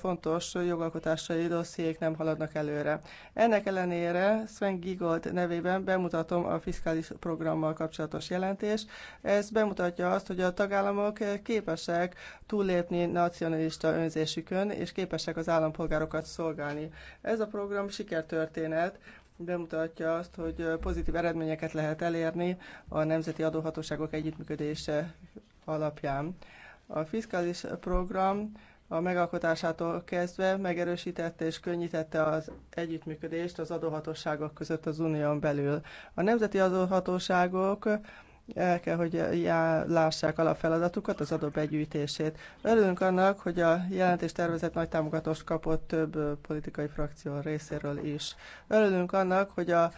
fontos jogalkotásai dossziék nem haladnak előre. Ennek ellenére Sven Gigold nevében bemutatom a fiskális programmal kapcsolatos jelentést. Ez bemutatja azt, hogy a tagállamok képesek túllépni nacionalista önzésükön, és képesek az állampolgárokat szolgálni. Ez a program sikertörténet, bemutatja azt, hogy pozitív eredményeket lehet elérni a nemzeti adóhatóságok együttműködése alapján. A fiskális program a megalkotásától kezdve megerősítette és könnyítette az együttműködést az adóhatóságok között az unión belül. A nemzeti adóhatóságok el kell, hogy lássák alapfeladatukat, az adóbegyűjtését. Örülünk annak, hogy a jelentés tervezett nagy támogatást kapott több politikai frakció részéről is. Örülünk annak, hogy a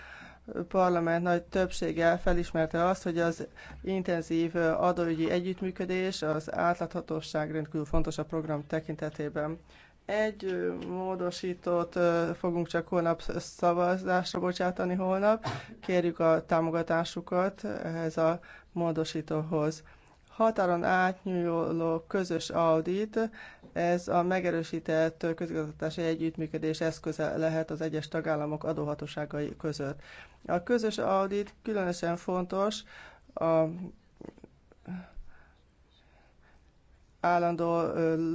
parlament nagy többsége felismerte azt, hogy az intenzív adóügyi együttműködés, az átláthatóság rendkívül fontos a program tekintetében. Egy módosítót fogunk csak holnap szavazásra bocsátani holnap. Kérjük a támogatásukat ehhez a módosítóhoz határon átnyúló közös audit, ez a megerősített közigazgatási együttműködés eszköze lehet az egyes tagállamok adóhatóságai között. A közös audit különösen fontos a állandó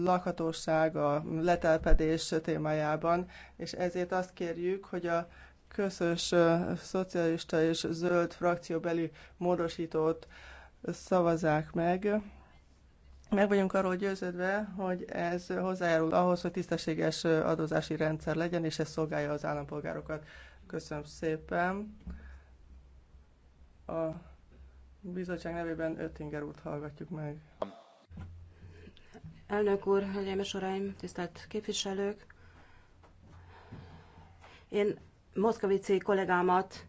lakhatóság, a letelpedés témájában, és ezért azt kérjük, hogy a közös szocialista és zöld frakcióbeli módosítót szavazzák meg. Meg vagyunk arról győződve, hogy ez hozzájárul ahhoz, hogy tisztességes adózási rendszer legyen, és ez szolgálja az állampolgárokat. Köszönöm szépen. A bizottság nevében Öttinger úrt hallgatjuk meg. Elnök úr, hölgyeim és uraim, tisztelt képviselők! Én Moszkavici kollégámat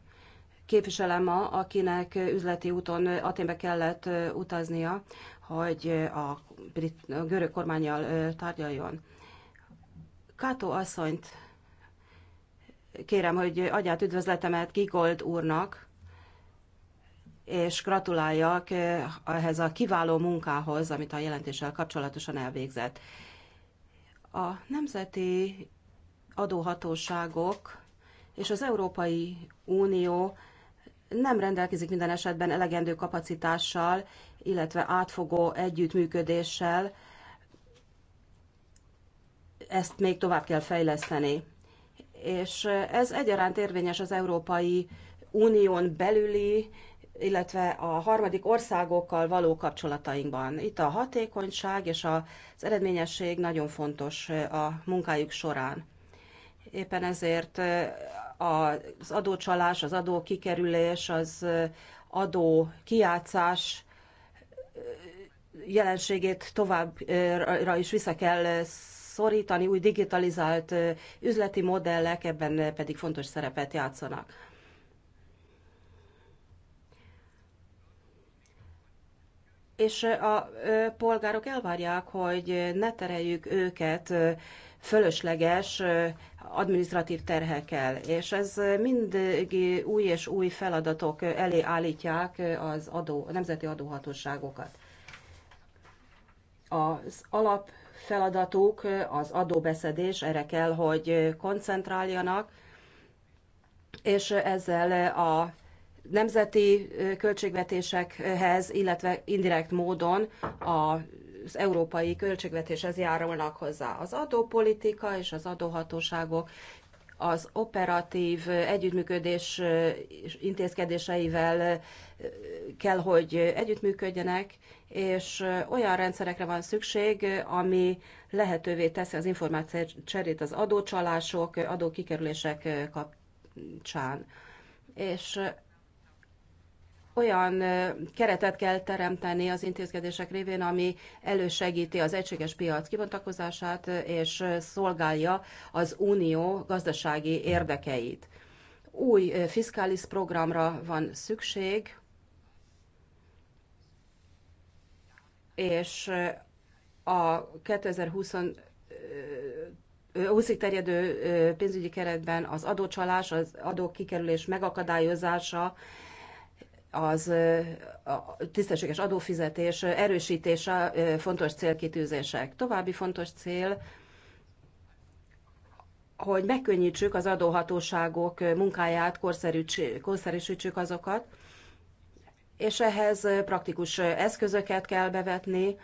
képviselem ma, akinek üzleti úton Aténbe kellett utaznia, hogy a, brit, a görög kormányjal tárgyaljon. Kato asszonyt kérem, hogy adját üdvözletemet Gigold úrnak, és gratuláljak ehhez a kiváló munkához, amit a jelentéssel kapcsolatosan elvégzett. A nemzeti adóhatóságok és az Európai Unió nem rendelkezik minden esetben elegendő kapacitással, illetve átfogó együttműködéssel. Ezt még tovább kell fejleszteni. És ez egyaránt érvényes az Európai Unión belüli, illetve a harmadik országokkal való kapcsolatainkban. Itt a hatékonyság és az eredményesség nagyon fontos a munkájuk során. Éppen ezért az adócsalás, az adó kikerülés, az adó kiátszás jelenségét továbbra is vissza kell szorítani, új digitalizált üzleti modellek ebben pedig fontos szerepet játszanak. És a polgárok elvárják, hogy ne tereljük őket fölösleges administratív terhekkel, és ez mindig új és új feladatok elé állítják az adó, a nemzeti adóhatóságokat. Az alap feladatuk az adóbeszedés, erre kell, hogy koncentráljanak, és ezzel a nemzeti költségvetésekhez, illetve indirekt módon a az európai költségvetéshez járulnak hozzá. Az adópolitika és az adóhatóságok az operatív együttműködés intézkedéseivel eh, kell, hogy együttműködjenek, és eh, olyan rendszerekre van szükség, ami lehetővé teszi az információ cserét az adócsalások, adókikerülések eh, kapcsán. És olyan keretet kell teremteni az intézkedések révén, ami elősegíti az egységes piac kibontakozását és szolgálja az unió gazdasági érdekeit. Új fiskális programra van szükség, és a 2020 ig terjedő pénzügyi keretben az adócsalás, az adókikerülés megakadályozása az a tisztességes adófizetés erősítése fontos célkitűzések. További fontos cél, hogy megkönnyítsük az adóhatóságok munkáját, korszerűsítsük azokat, és ehhez praktikus eszközöket kell bevetni,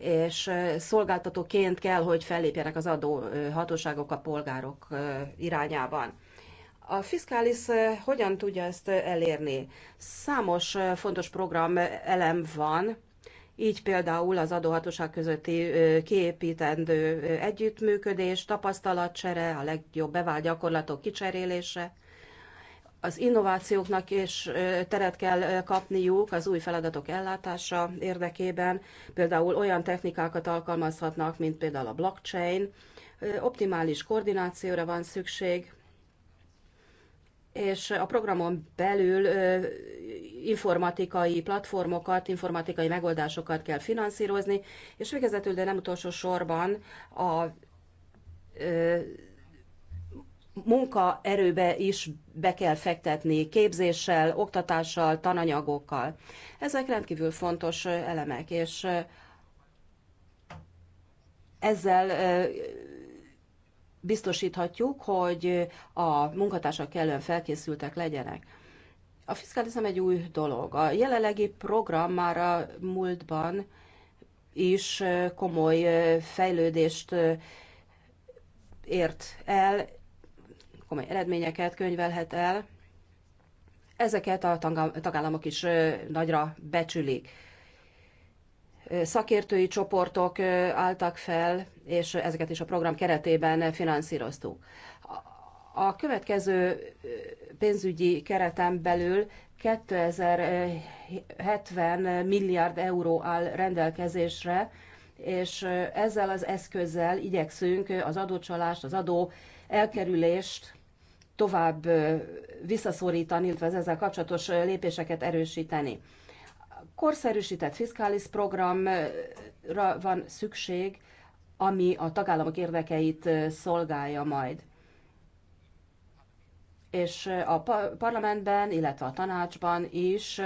és szolgáltatóként kell, hogy fellépjenek az adóhatóságok a polgárok irányában. A fiskális eh, hogyan tudja ezt eh, elérni? Számos eh, fontos program elem van, így például az adóhatóság közötti kiépítendő együttműködés, tapasztalatcsere, a legjobb bevált gyakorlatok kicserélése, az innovációknak is teret kell kapniuk az új feladatok ellátása érdekében, például olyan technikákat alkalmazhatnak, mint például a blockchain, optimális koordinációra van szükség, és a programon belül informatikai platformokat, informatikai megoldásokat kell finanszírozni, és végezetül, de nem utolsó sorban a munkaerőbe is be kell fektetni képzéssel, oktatással, tananyagokkal. Ezek rendkívül fontos elemek, és ezzel biztosíthatjuk, hogy a munkatársak kellően felkészültek legyenek. A fiskalizm egy új dolog. A jelenlegi program már a múltban is komoly fejlődést ért el, komoly eredményeket könyvelhet el. Ezeket a tagállamok is nagyra becsülik szakértői csoportok álltak fel, és ezeket is a program keretében finanszíroztuk. A következő pénzügyi kereten belül 2070 milliárd euró áll rendelkezésre, és ezzel az eszközzel igyekszünk az adócsalást, az adó elkerülést tovább visszaszorítani, illetve az ezzel kapcsolatos lépéseket erősíteni korszerűsített fiskális programra van szükség, ami a tagállamok érdekeit szolgálja majd. És a parlamentben, illetve a tanácsban is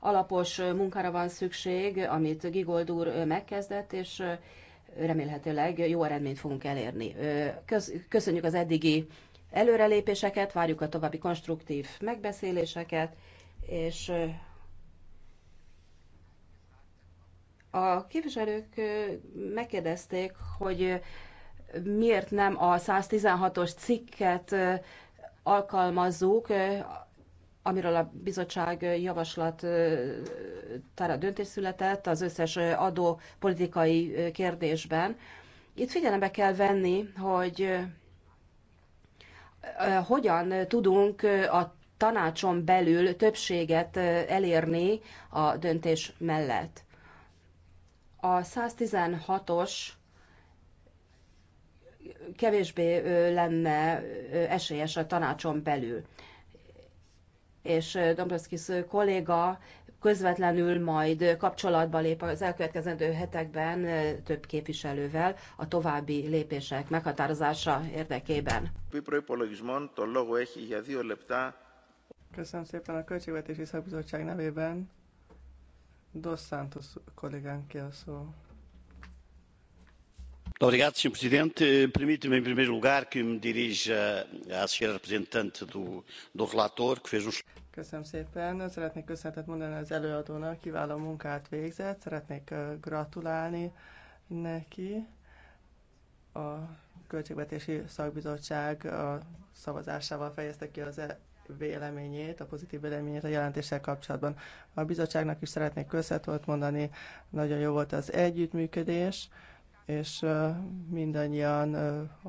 alapos munkára van szükség, amit Gigold úr megkezdett, és remélhetőleg jó eredményt fogunk elérni. Köszönjük az eddigi előrelépéseket, várjuk a további konstruktív megbeszéléseket, és A képviselők megkérdezték, hogy miért nem a 116-os cikket alkalmazzuk, amiről a bizottság javaslatára döntés született az összes adópolitikai kérdésben. Itt figyelembe kell venni, hogy hogyan tudunk a tanácson belül többséget elérni a döntés mellett. A 116-os kevésbé lenne esélyes a tanácson belül. És Dombrovskis kolléga közvetlenül majd kapcsolatba lép az elkövetkezendő hetekben több képviselővel a további lépések meghatározása érdekében. Köszönöm szépen a Költségvetési Szakbizottság nevében. Dos Santos que eu sou. Muito Obrigado, Sr. Presidente. Permite-me, em primeiro lugar, que me dirija à senhora representante do, do relator, que fez um... Köszönöm szépen. Szeretnék köszönetet mondani az előadónak, kiváló munkát végzett. Szeretnék gratulálni neki. A Költségvetési Szakbizottság a szavazásával fejezte ki az e- véleményét, a pozitív véleményét a jelentéssel kapcsolatban. A bizottságnak is szeretnék köszönetet mondani, nagyon jó volt az együttműködés, és mindannyian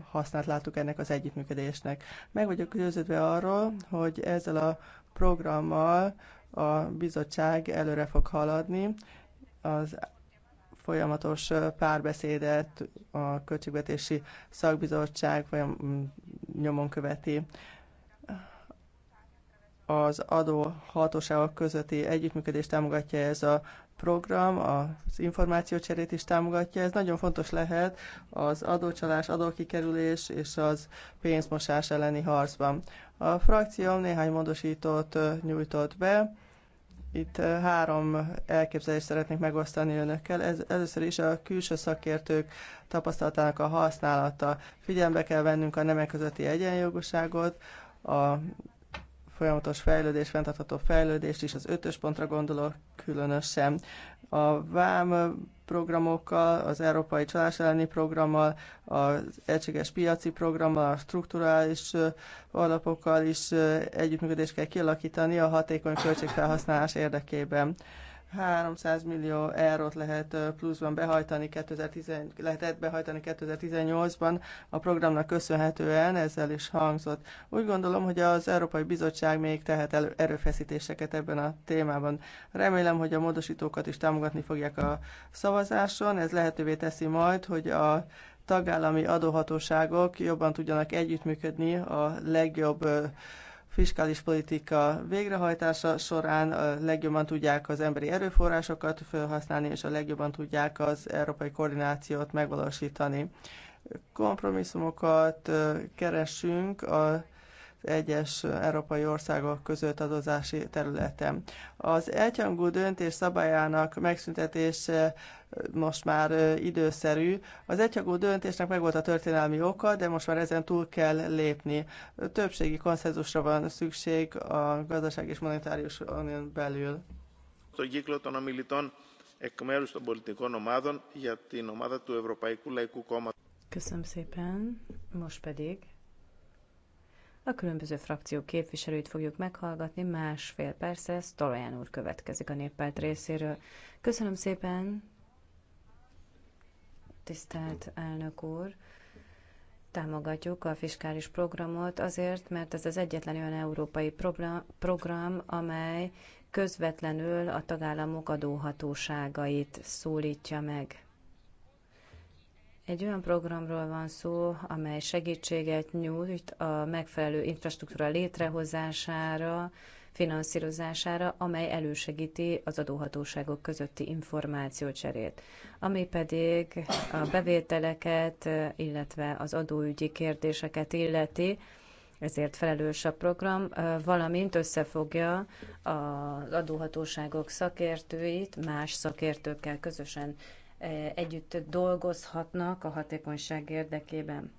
hasznát láttuk ennek az együttműködésnek. Meg vagyok győződve arról, hogy ezzel a programmal a bizottság előre fog haladni, az folyamatos párbeszédet a Költségvetési Szakbizottság folyam, mm, nyomon követi az adó hatóságok közötti együttműködést támogatja ez a program, az információcserét is támogatja. Ez nagyon fontos lehet az adócsalás, adókikerülés és az pénzmosás elleni harcban. A frakcióm néhány módosítót nyújtott be. Itt három elképzelést szeretnék megosztani önökkel. Ez, először is a külső szakértők tapasztalatának a használata. Figyelembe kell vennünk a nemek közötti egyenjogoságot, a folyamatos fejlődés, fenntartható fejlődést is, az ötös pontra gondolok különösen. A VÁM programokkal, az Európai Csalás elleni programmal, az egységes piaci programmal, a strukturális alapokkal is együttműködést kell kialakítani a hatékony költségfelhasználás érdekében. 300 millió eurót lehet pluszban behajtani, 2010, lehetett behajtani 2018-ban a programnak köszönhetően, ezzel is hangzott. Úgy gondolom, hogy az Európai Bizottság még tehet elő, erőfeszítéseket ebben a témában. Remélem, hogy a módosítókat is támogatni fogják a szavazáson, ez lehetővé teszi majd, hogy a tagállami adóhatóságok jobban tudjanak együttműködni a legjobb fiskális politika végrehajtása során a legjobban tudják az emberi erőforrásokat felhasználni, és a legjobban tudják az európai koordinációt megvalósítani. Kompromisszumokat keresünk a egyes európai országok között adózási területen. Az egyhangú döntés szabályának megszüntetése most már időszerű. Az egyhangú döntésnek megvolt a történelmi oka, de most már ezen túl kell lépni. Többségi konszenzusra van szükség a gazdaság és monetárius unión belül. A κύκλο των ομιλητών εκ μέρους των πολιτικών ομάδων για Köszönöm szépen, most pedig a különböző frakciók képviselőit fogjuk meghallgatni, másfél persze Stolajan úr következik a néppárt részéről. Köszönöm szépen, tisztelt elnök úr! támogatjuk a fiskális programot azért, mert ez az egyetlen olyan európai program, amely közvetlenül a tagállamok adóhatóságait szólítja meg. Egy olyan programról van szó, amely segítséget nyújt a megfelelő infrastruktúra létrehozására, finanszírozására, amely elősegíti az adóhatóságok közötti információcserét, ami pedig a bevételeket, illetve az adóügyi kérdéseket illeti, ezért felelős a program, valamint összefogja az adóhatóságok szakértőit más szakértőkkel közösen együtt dolgozhatnak a hatékonyság érdekében.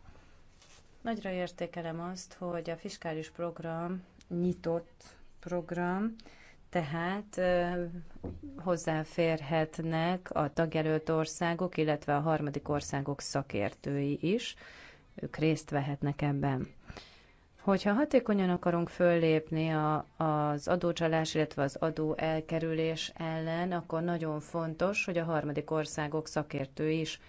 Nagyra értékelem azt, hogy a fiskális program nyitott program, tehát hozzáférhetnek a tagjelölt országok, illetve a harmadik országok szakértői is, ők részt vehetnek ebben. Hogyha hatékonyan akarunk föllépni a, az adócsalás, illetve az adó elkerülés ellen, akkor nagyon fontos, hogy a harmadik országok szakértői is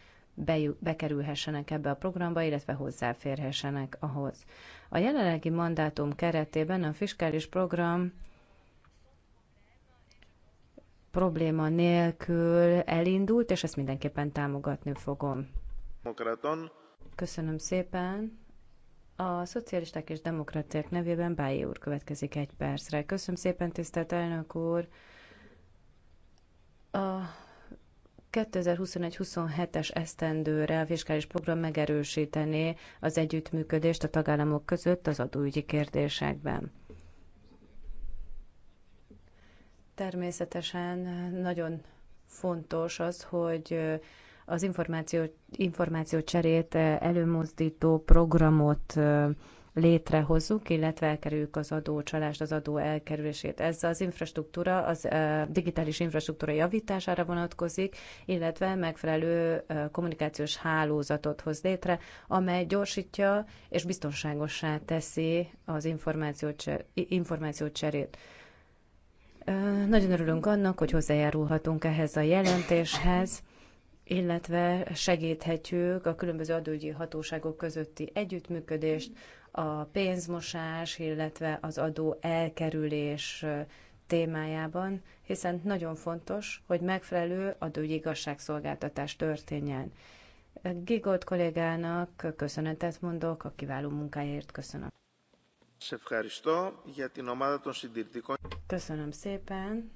bekerülhessenek ebbe a programba, illetve hozzáférhessenek ahhoz. A jelenlegi mandátum keretében a fiskális program probléma nélkül elindult, és ezt mindenképpen támogatni fogom. Köszönöm szépen. A szocialisták és demokraták nevében Bájé úr következik egy percre. Köszönöm szépen, tisztelt elnök úr! A 2021-27-es esztendőre a fiskális program megerősítené az együttműködést a tagállamok között az adóügyi kérdésekben. Természetesen nagyon fontos az, hogy az információ, információ cserét eh, előmozdító programot eh, létrehozzuk, illetve elkerüljük az adócsalást, az adó elkerülését. Ez az infrastruktúra, az eh, digitális infrastruktúra javítására vonatkozik, illetve megfelelő kommunikációs hálózatot hoz létre, amely gyorsítja és biztonságosá teszi az információcserét. információcserét. Nagyon örülünk annak, hogy hozzájárulhatunk ehhez a jelentéshez illetve segíthetjük a különböző adógyi hatóságok közötti együttműködést, a pénzmosás, illetve az adó elkerülés témájában, hiszen nagyon fontos, hogy megfelelő adógyi igazságszolgáltatás történjen. Gigolt kollégának köszönetet mondok, a kiváló munkáért köszönöm. Köszönöm szépen,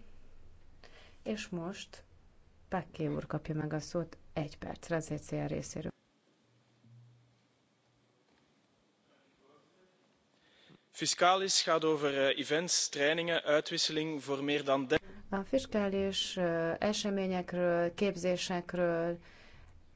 és most Pakké úr kapja meg a szót egy percre az ECR részéről. Fiscalis gaat over eh, events, trainingen, uitwisseling voor meer dan... A fiskális eh, eseményekről, képzésekről,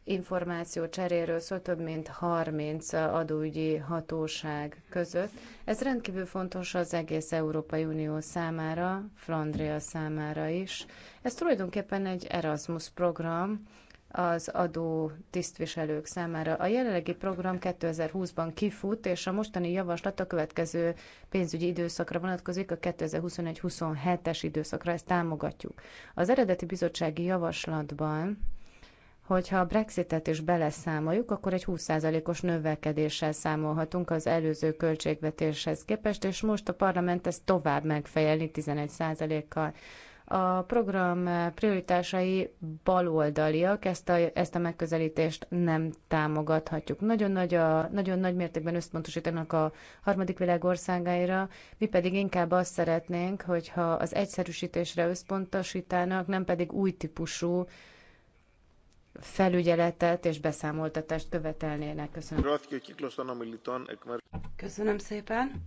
információ cseréről szól több mint 30 adóügyi hatóság között. Ez rendkívül fontos az egész Európai Unió számára, Flandria számára is. Ez tulajdonképpen egy Erasmus program, az adó tisztviselők számára. A jelenlegi program 2020-ban kifut, és a mostani javaslat a következő pénzügyi időszakra vonatkozik, a 2021-27-es időszakra, ezt támogatjuk. Az eredeti bizottsági javaslatban Hogyha a Brexitet is beleszámoljuk, akkor egy 20%-os növekedéssel számolhatunk az előző költségvetéshez képest, és most a parlament ezt tovább megfejelni 11%-kal. A program prioritásai baloldaliak, ezt a, ezt a megközelítést nem támogathatjuk. Nagyon nagy, a, nagyon nagy mértékben összpontosítanak a harmadik világ országaira, mi pedig inkább azt szeretnénk, hogyha az egyszerűsítésre összpontosítanak, nem pedig új típusú felügyeletet és beszámoltatást követelnének. Köszönöm. Köszönöm szépen.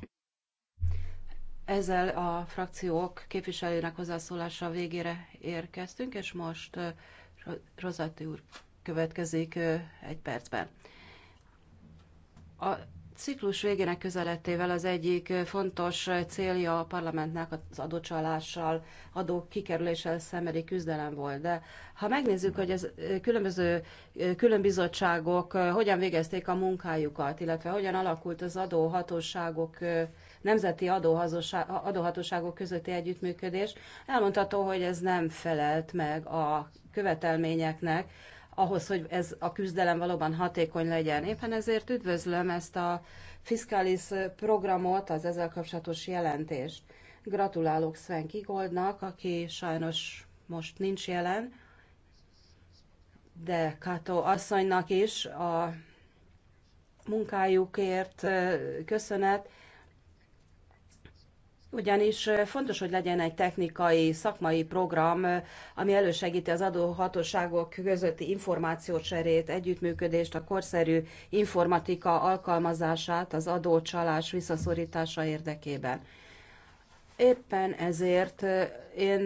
Ezzel a frakciók képviselőnek hozzászólása végére érkeztünk, és most Rozati úr következik egy percben. A ciklus végének közelettével az egyik fontos célja a parlamentnek az adócsalással, adó kikerüléssel szembeni küzdelem volt. De ha megnézzük, hogy ez különböző különbizottságok hogyan végezték a munkájukat, illetve hogyan alakult az adóhatóságok nemzeti adóhatóságok közötti együttműködés, elmondható, hogy ez nem felelt meg a követelményeknek, ahhoz, hogy ez a küzdelem valóban hatékony legyen. Éppen ezért üdvözlöm ezt a fiskális programot, az ezzel kapcsolatos jelentést. Gratulálok Sven Kigoldnak, aki sajnos most nincs jelen, de Kato asszonynak is a munkájukért köszönet, ugyanis fontos, hogy legyen egy technikai, szakmai program, ami elősegíti az adóhatóságok közötti információcserét, együttműködést, a korszerű informatika alkalmazását az adócsalás visszaszorítása érdekében. Éppen ezért én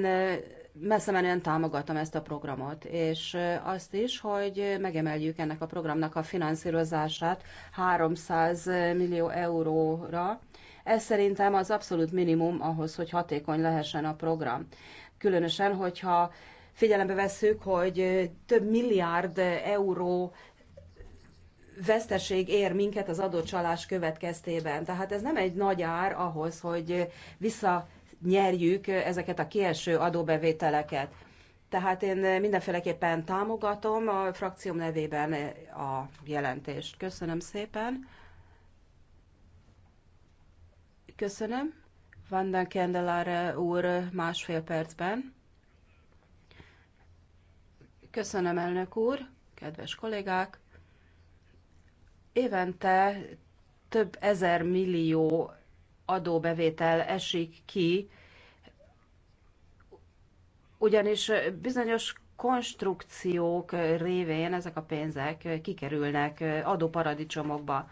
messze menően támogatom ezt a programot, és azt is, hogy megemeljük ennek a programnak a finanszírozását 300 millió euróra, ez szerintem az abszolút minimum ahhoz, hogy hatékony lehessen a program. Különösen, hogyha figyelembe vesszük, hogy több milliárd euró veszteség ér minket az adócsalás következtében. Tehát ez nem egy nagy ár ahhoz, hogy visszanyerjük ezeket a kieső adóbevételeket. Tehát én mindenféleképpen támogatom a frakcióm nevében a jelentést. Köszönöm szépen. Köszönöm. Vanden Kendelare úr másfél percben. Köszönöm, elnök úr, kedves kollégák. Évente több ezer millió adóbevétel esik ki, ugyanis bizonyos konstrukciók révén ezek a pénzek kikerülnek adóparadicsomokba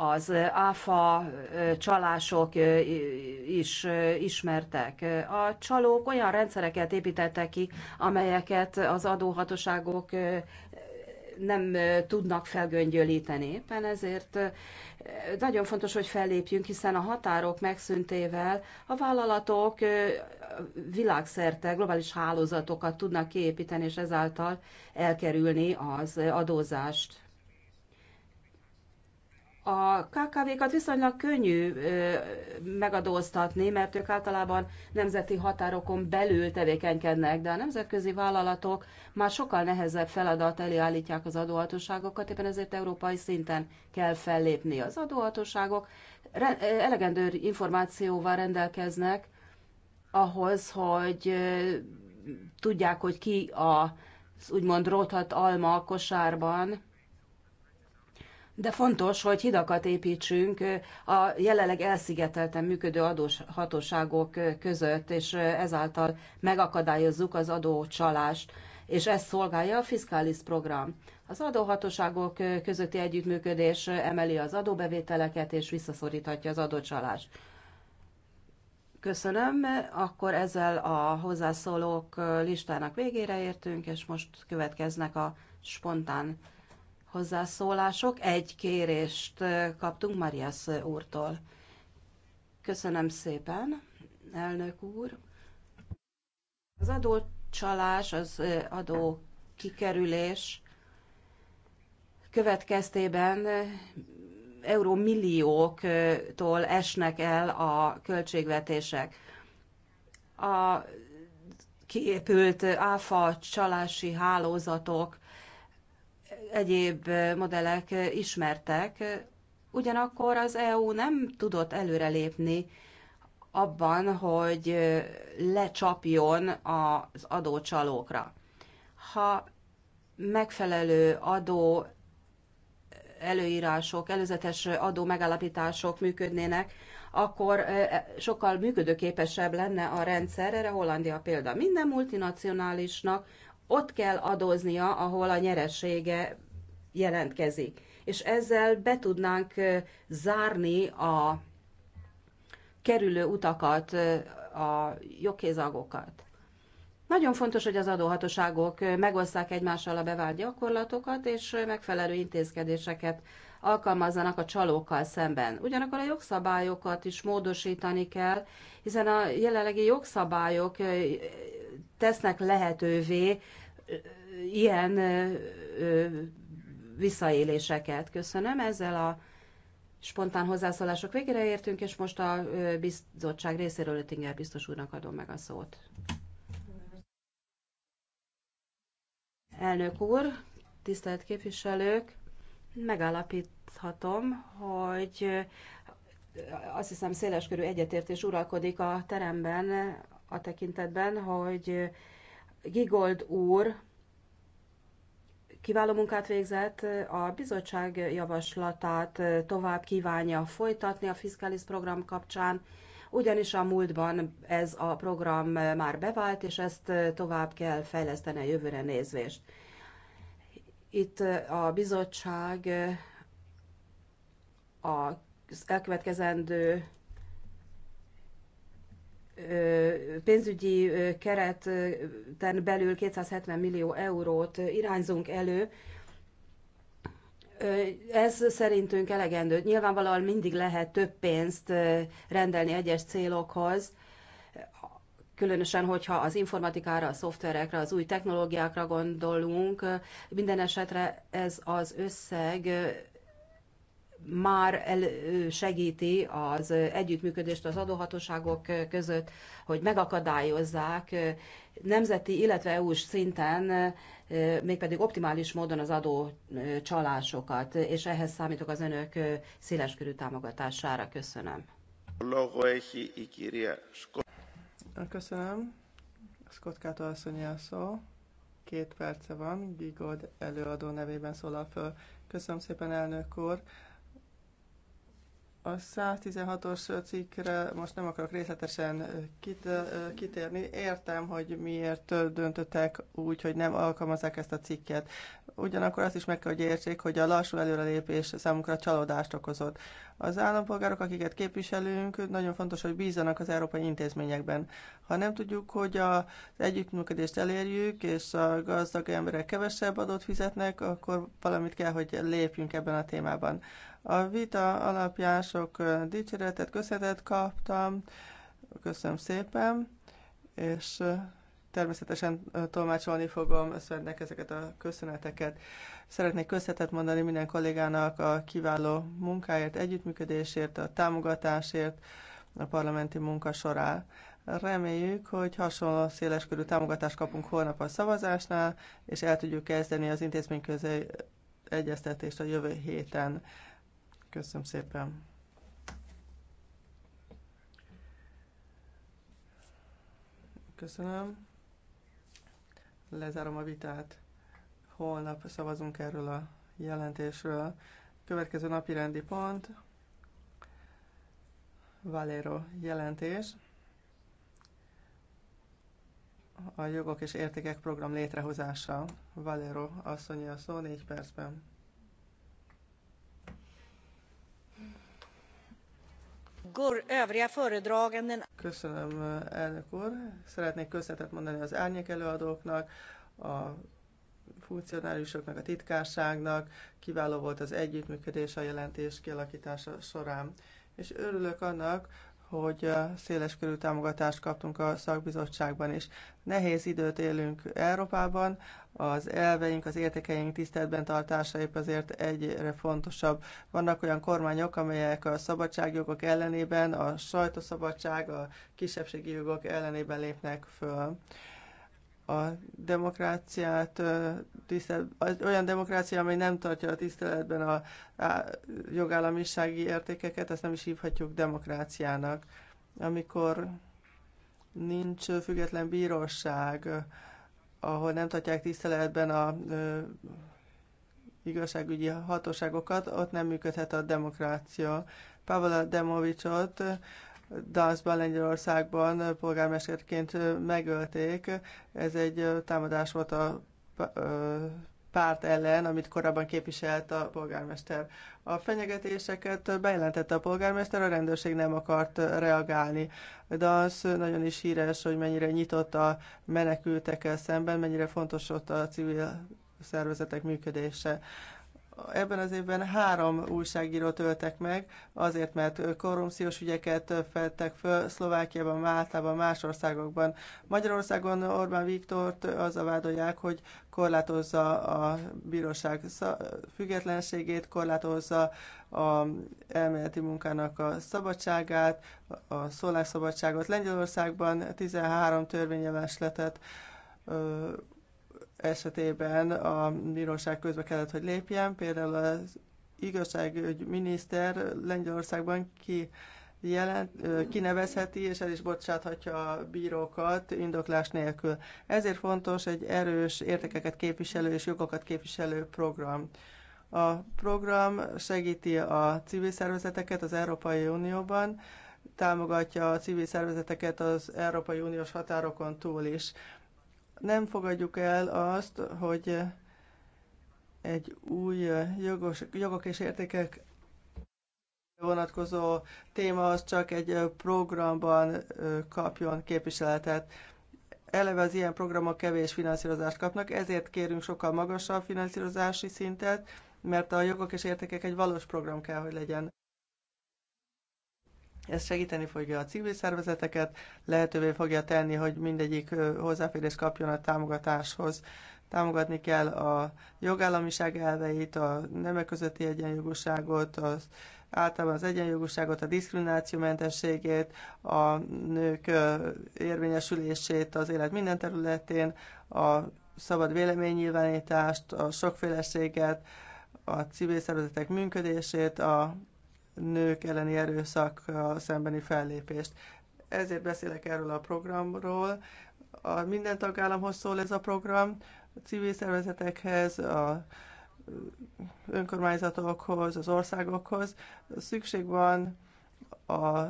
az áfa csalások is ismertek. A csalók olyan rendszereket építettek ki, amelyeket az adóhatóságok nem tudnak felgöngyölíteni. Éppen ezért nagyon fontos, hogy fellépjünk, hiszen a határok megszüntével a vállalatok világszerte globális hálózatokat tudnak kiépíteni, és ezáltal elkerülni az adózást. A KKV-kat viszonylag könnyű megadóztatni, mert ők általában nemzeti határokon belül tevékenykednek, de a nemzetközi vállalatok már sokkal nehezebb feladat elé állítják az adóhatóságokat, éppen ezért európai szinten kell fellépni. Az adóhatóságok elegendő információval rendelkeznek ahhoz, hogy tudják, hogy ki a úgymond rothat alma a kosárban, de fontos, hogy hidakat építsünk a jelenleg elszigetelten működő adós hatóságok között, és ezáltal megakadályozzuk az adócsalást, és ezt szolgálja a fiskális program. Az adóhatóságok közötti együttműködés emeli az adóbevételeket és visszaszoríthatja az adócsalást. Köszönöm, akkor ezzel a hozzászólók listának végére értünk, és most következnek a spontán hozzászólások. Egy kérést kaptunk Marias úrtól. Köszönöm szépen, elnök úr. Az adócsalás, az adó kikerülés következtében eurómillióktól esnek el a költségvetések. A kiépült áfa csalási hálózatok egyéb modellek ismertek, ugyanakkor az EU nem tudott előrelépni abban, hogy lecsapjon az adócsalókra. Ha megfelelő adó előírások, előzetes adó megállapítások működnének, akkor e, sokkal működőképesebb lenne a rendszer, erre Hollandia példa. Minden multinacionálisnak ott kell adóznia, ahol a nyeresége jelentkezik. És ezzel be tudnánk zárni a kerülő utakat, a jogkézagokat. Nagyon fontos, hogy az adóhatóságok megosszák egymással a bevált gyakorlatokat, és megfelelő intézkedéseket alkalmazzanak a csalókkal szemben. Ugyanakkor a jogszabályokat is módosítani kell, hiszen a jelenlegi jogszabályok tesznek lehetővé ilyen visszaéléseket. Köszönöm. Ezzel a spontán hozzászólások végére értünk, és most a bizottság részéről Öttinger biztos úrnak adom meg a szót. Elnök úr, tisztelt képviselők, megállapíthatom, hogy azt hiszem széleskörű egyetértés uralkodik a teremben a tekintetben, hogy Gigold úr kiváló munkát végzett, a bizottság javaslatát tovább kívánja folytatni a fiskális program kapcsán, ugyanis a múltban ez a program már bevált, és ezt tovább kell fejleszteni a jövőre nézvést. Itt a bizottság az elkövetkezendő pénzügyi kereten belül 270 millió eurót irányzunk elő. Ez szerintünk elegendő. Nyilvánvalóan mindig lehet több pénzt rendelni egyes célokhoz, különösen, hogyha az informatikára, a szoftverekre, az új technológiákra gondolunk, minden esetre ez az összeg már segíti az együttműködést az adóhatóságok között, hogy megakadályozzák nemzeti, illetve EU-s szinten, mégpedig optimális módon az adócsalásokat, és ehhez számítok az önök széleskörű támogatására. Köszönöm. Köszönöm. Scott Kato asszonyi a szó. Két perce van, Gigod előadó nevében szólal föl. Köszönöm szépen, elnök úr. A 116-os cikkre most nem akarok részletesen kit, kitérni. Értem, hogy miért döntöttek úgy, hogy nem alkalmazzák ezt a cikket. Ugyanakkor azt is meg kell, hogy értsék, hogy a lassú előrelépés számunkra csalódást okozott. Az állampolgárok, akiket képviselünk, nagyon fontos, hogy bízzanak az európai intézményekben. Ha nem tudjuk, hogy az együttműködést elérjük, és a gazdag emberek kevesebb adót fizetnek, akkor valamit kell, hogy lépjünk ebben a témában. A vita alapján sok dicséretet, köszönetet kaptam, köszönöm szépen, és természetesen tolmácsolni fogom Svennek ezeket a köszöneteket. Szeretnék köszönetet mondani minden kollégának a kiváló munkáért, együttműködésért, a támogatásért a parlamenti munka során. Reméljük, hogy hasonló széleskörű támogatást kapunk holnap a szavazásnál, és el tudjuk kezdeni az intézményközi egyeztetést a jövő héten. Köszönöm szépen. Köszönöm. Lezárom a vitát. Holnap szavazunk erről a jelentésről. Következő napi rendi pont. Valero jelentés. A jogok és értékek program létrehozása. Valero asszonyi a szó négy percben. Köszönöm, elnök úr. Szeretnék köszönetet mondani az árnyék előadóknak, a funkcionálisoknak, a titkárságnak. Kiváló volt az együttműködés a jelentés kialakítása során. És örülök annak, hogy széles körű támogatást kaptunk a szakbizottságban is. Nehéz időt élünk Európában, az elveink, az értékeink tiszteletben tartása épp azért egyre fontosabb. Vannak olyan kormányok, amelyek a szabadságjogok ellenében, a sajtószabadság, a kisebbségi jogok ellenében lépnek föl a demokráciát, tisztelet, olyan demokrácia, amely nem tartja a tiszteletben a jogállamisági értékeket, ezt nem is hívhatjuk demokráciának. Amikor nincs független bíróság, ahol nem tartják tiszteletben a igazságügyi hatóságokat, ott nem működhet a demokrácia. Pavel Demovicsot Dalszban, Lengyelországban polgármesterként megölték. Ez egy támadás volt a párt ellen, amit korábban képviselt a polgármester. A fenyegetéseket bejelentette a polgármester, a rendőrség nem akart reagálni. De az nagyon is híres, hogy mennyire nyitott a menekültekkel szemben, mennyire fontos ott a civil szervezetek működése ebben az évben három újságírót öltek meg, azért, mert korrupciós ügyeket feltek föl Szlovákiában, Máltában, más országokban. Magyarországon Orbán Viktort az a vádolják, hogy korlátozza a bíróság függetlenségét, korlátozza a elméleti munkának a szabadságát, a szólásszabadságot. Lengyelországban 13 törvényjavaslatot esetében a bíróság közbe kellett, hogy lépjen. Például az igazságügy miniszter Lengyelországban ki jelent, kinevezheti, és el is bocsáthatja a bírókat indoklás nélkül. Ezért fontos egy erős értékeket képviselő és jogokat képviselő program. A program segíti a civil szervezeteket az Európai Unióban, támogatja a civil szervezeteket az Európai Uniós határokon túl is nem fogadjuk el azt, hogy egy új jogos, jogok és értékek vonatkozó téma az csak egy programban kapjon képviseletet. Eleve az ilyen programok kevés finanszírozást kapnak, ezért kérünk sokkal magasabb finanszírozási szintet, mert a jogok és értékek egy valós program kell, hogy legyen. Ez segíteni fogja a civil szervezeteket, lehetővé fogja tenni, hogy mindegyik hozzáférés kapjon a támogatáshoz. Támogatni kell a jogállamiság elveit, a nemek közötti egyenjogúságot, az általában az egyenjogúságot, a diszkriminációmentességét, a nők érvényesülését az élet minden területén, a szabad véleménynyilvánítást, a sokféleséget, a civil szervezetek működését, a nők elleni erőszak szembeni fellépést. Ezért beszélek erről a programról. A minden tagállamhoz szól ez a program, a civil szervezetekhez, a önkormányzatokhoz, az országokhoz. Szükség van a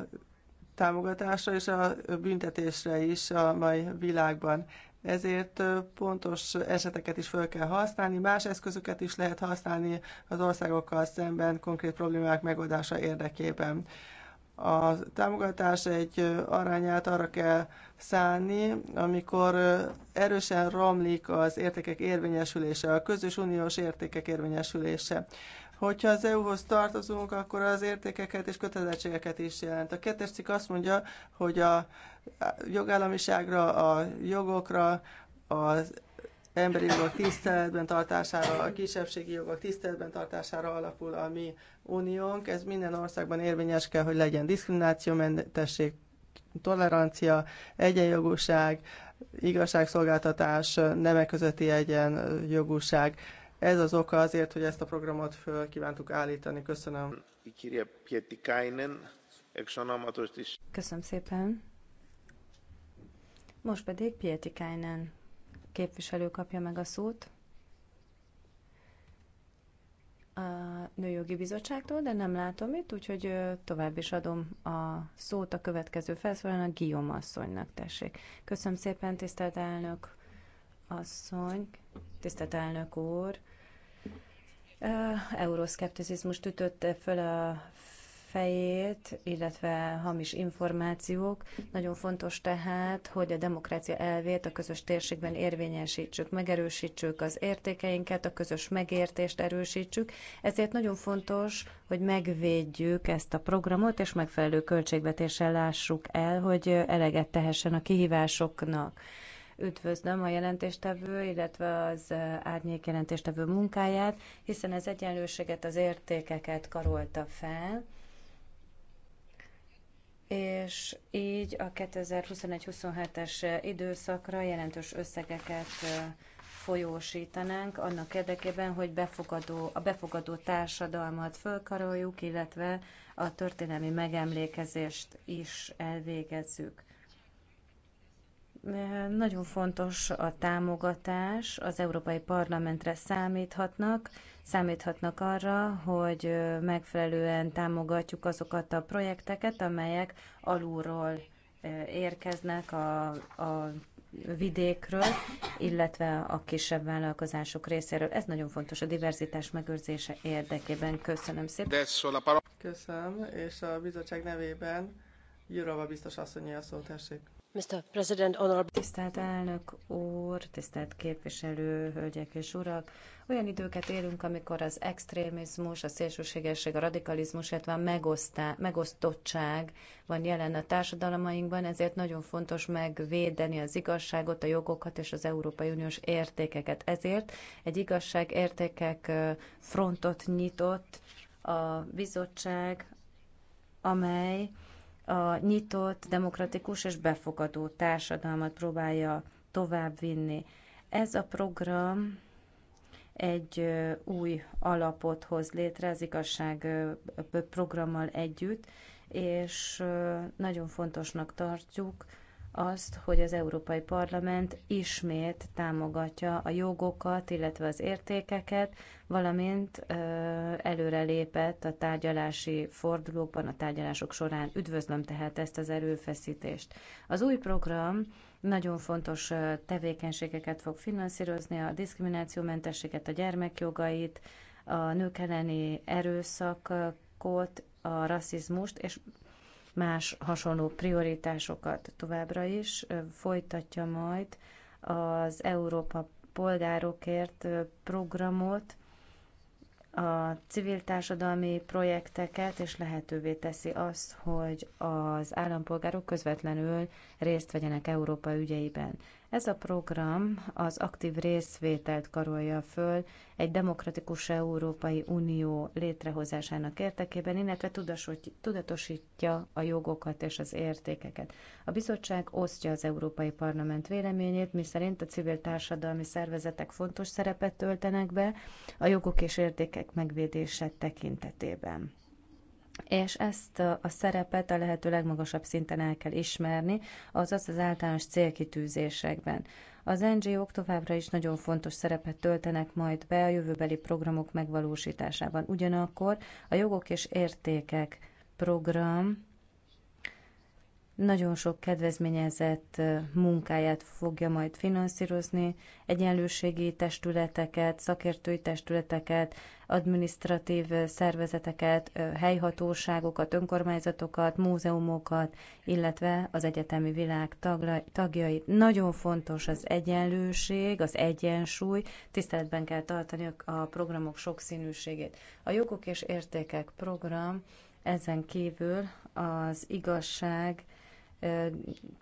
támogatásra és a büntetésre is a mai világban ezért pontos eseteket is fel kell használni, más eszközöket is lehet használni az országokkal szemben konkrét problémák megoldása érdekében. A támogatás egy arányát arra kell szállni, amikor erősen romlik az értékek érvényesülése, a közös uniós értékek érvényesülése. Hogyha az EU-hoz tartozunk, akkor az értékeket és kötelezettségeket is jelent. A kettes cikk azt mondja, hogy a jogállamiságra, a jogokra, az emberi jogok tiszteletben tartására, a kisebbségi jogok tiszteletben tartására alapul a mi uniónk. Ez minden országban érvényes kell, hogy legyen diszkriminációmentesség, tolerancia, egyenjogúság, igazságszolgáltatás, nemek közötti egyenjogúság. Ez az oka azért, hogy ezt a programot föl kívántuk állítani. Köszönöm. Köszönöm szépen. Most pedig Pietikainen képviselő kapja meg a szót a Nőjogi Bizottságtól, de nem látom itt, úgyhogy tovább is adom a szót a következő a Guillaume asszonynak, tessék. Köszönöm szépen, tisztelt elnök asszony, tisztelt elnök úr euroszkepticizmus ütötte föl a fejét, illetve hamis információk. Nagyon fontos tehát, hogy a demokrácia elvét a közös térségben érvényesítsük, megerősítsük az értékeinket, a közös megértést erősítsük. Ezért nagyon fontos, hogy megvédjük ezt a programot, és megfelelő költségvetéssel lássuk el, hogy eleget tehessen a kihívásoknak. Üdvözlöm a jelentéstevő, illetve az árnyék jelentéstevő munkáját, hiszen ez egyenlőséget, az értékeket karolta fel és így a 2021-27-es időszakra jelentős összegeket folyósítanánk annak érdekében, hogy befogadó, a befogadó társadalmat fölkaroljuk, illetve a történelmi megemlékezést is elvégezzük. Nagyon fontos a támogatás, az Európai Parlamentre számíthatnak, számíthatnak arra, hogy megfelelően támogatjuk azokat a projekteket, amelyek alulról érkeznek a, a vidékről, illetve a kisebb vállalkozások részéről. Ez nagyon fontos a diverzitás megőrzése érdekében. Köszönöm szépen. Köszönöm, és a bizottság nevében Jurova biztos asszonyi a szót tessék. Tisztelt elnök úr, tisztelt képviselő, hölgyek és urak! Olyan időket élünk, amikor az extrémizmus, a szélsőségesség, a radikalizmus, illetve a megosztá, megosztottság van jelen a társadalmainkban, ezért nagyon fontos megvédeni az igazságot, a jogokat és az Európai Uniós értékeket. Ezért egy igazság értékek frontot nyitott a bizottság, amely a nyitott, demokratikus és befogadó társadalmat próbálja továbbvinni. Ez a program egy új alapot hoz létre az igazság programmal együtt, és nagyon fontosnak tartjuk, azt, hogy az Európai Parlament ismét támogatja a jogokat, illetve az értékeket, valamint ö, előrelépett a tárgyalási fordulókban, a tárgyalások során. Üdvözlöm tehát ezt az erőfeszítést. Az új program nagyon fontos tevékenységeket fog finanszírozni, a diszkriminációmentességet, a gyermekjogait, a nők elleni erőszakot, a rasszizmust, és más hasonló prioritásokat továbbra is. Folytatja majd az Európa polgárokért programot, a civil társadalmi projekteket, és lehetővé teszi azt, hogy az állampolgárok közvetlenül részt vegyenek Európa ügyeiben. Ez a program az aktív részvételt karolja föl egy demokratikus Európai Unió létrehozásának érdekében, illetve tudatosítja a jogokat és az értékeket. A bizottság osztja az Európai Parlament véleményét, miszerint a civil társadalmi szervezetek fontos szerepet töltenek be a jogok és értékek megvédése tekintetében és ezt a szerepet a lehető legmagasabb szinten el kell ismerni, azaz az általános célkitűzésekben. Az NGO-k továbbra is nagyon fontos szerepet töltenek majd be a jövőbeli programok megvalósításában. Ugyanakkor a jogok és értékek program nagyon sok kedvezményezett munkáját fogja majd finanszírozni, egyenlőségi testületeket, szakértői testületeket, adminisztratív szervezeteket, helyhatóságokat, önkormányzatokat, múzeumokat, illetve az egyetemi világ tagjait. Nagyon fontos az egyenlőség, az egyensúly, tiszteletben kell tartani a programok sokszínűségét. A jogok és értékek program ezen kívül az igazság,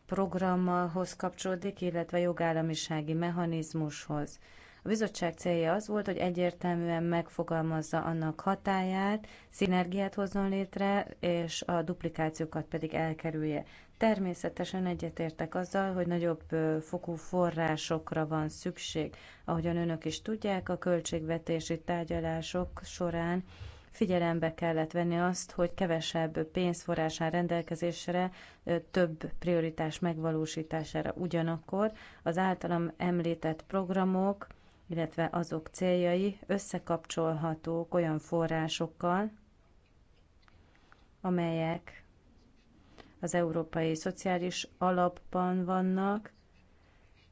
programmalhoz kapcsolódik, illetve jogállamisági mechanizmushoz. A bizottság célja az volt, hogy egyértelműen megfogalmazza annak hatáját, szinergiát hozzon létre, és a duplikációkat pedig elkerülje. Természetesen egyetértek azzal, hogy nagyobb fokú forrásokra van szükség. Ahogyan önök is tudják, a költségvetési tárgyalások során figyelembe kellett venni azt, hogy kevesebb pénzforrás áll rendelkezésre, több prioritás megvalósítására. Ugyanakkor az általam említett programok illetve azok céljai összekapcsolhatók olyan forrásokkal, amelyek az Európai Szociális Alapban vannak,